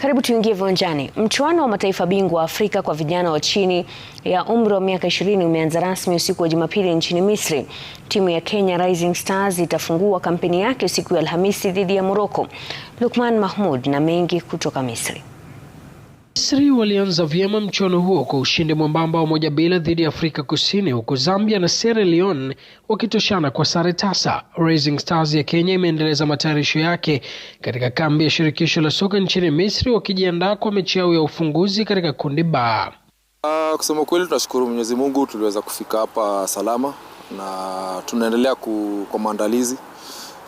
Karibu tuingie viwanjani. Mchuano wa mataifa bingwa Afrika kwa vijana wa chini ya umri wa miaka 20 umeanza rasmi usiku wa Jumapili nchini Misri. Timu ya Kenya Rising Stars itafungua kampeni yake siku ya Alhamisi dhidi ya Morocco. Lukman Mahmud na mengi kutoka Misri. Misri walianza vyema mchuano huo kwa ushindi mwembamba wa moja bila dhidi ya Afrika Kusini, huku Zambia na Sierra Leone wakitoshana kwa sare tasa. Rising Stars ya Kenya imeendeleza matayarisho yake katika kambi ya shirikisho la soka nchini Misri, wakijiandaa kwa mechi yao ya ufunguzi katika kundi ba. Uh, kusema kweli tunashukuru Mwenyezi Mungu tuliweza kufika hapa salama na tunaendelea ku, kwa maandalizi.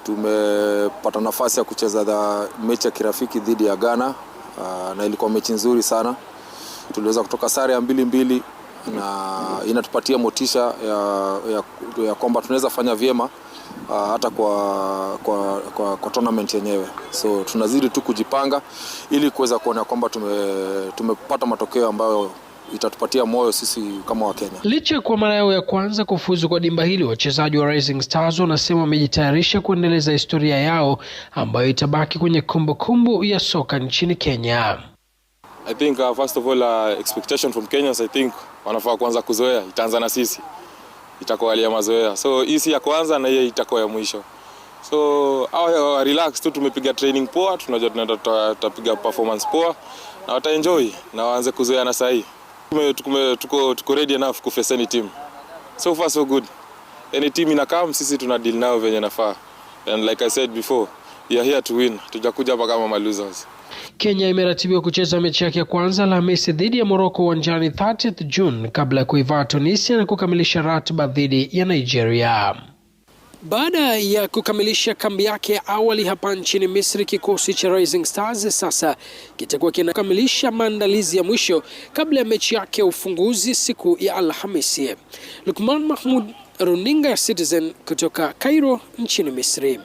Tumepata nafasi ya kucheza mechi ya kirafiki dhidi ya Ghana Ah, na ilikuwa mechi nzuri sana. Tuliweza kutoka sare ya mbili mbili na inatupatia motisha ya, ya, ya kwamba tunaweza fanya vyema uh, hata kwa, kwa, kwa, kwa tournament yenyewe. So tunazidi tu kujipanga ili kuweza kuona kwamba tume, tumepata matokeo ambayo itatupatia moyo sisi kama Wakenya. Licha kwa mara yao ya kwanza kufuzu kwa dimba hili, wachezaji wa Rising Stars wanasema wamejitayarisha kuendeleza historia yao ambayo itabaki kwenye kumbukumbu kumbu ya soka nchini Kenya. I think uh, first of all uh, expectation from Kenyans I think wanafaa kuanza kuzoea, itaanza na sisi, itakuwa ya mazoea, so hii si ya kwanza na hiyo itakuwa ya mwisho. So uh, relax tu, tumepiga training poa, tunajua tunaenda tutapiga performance poa, na wataenjoy na waanze kuzoea na sahi Tukume, tuko, tuko ready enough face any team. So far so good. Any team inakam sisi tuna deal nao venye nafaa. And like I said before, we are here to win. Tujakuja hapa kama losers Kenya imeratibiwa kucheza mechi yake ya kwanza la Alhamisi dhidi ya Morocco uwanjani 30th June kabla ya kuivaa Tunisia na kukamilisha ratiba dhidi ya Nigeria. Baada ya kukamilisha kambi yake ya awali hapa nchini Misri, kikosi cha Rising Stars sasa kitakuwa kinakamilisha maandalizi ya mwisho kabla ya mechi yake ya ufunguzi siku ya Alhamisi. Lukman Mahmud, runinga ya Citizen kutoka Cairo nchini Misri.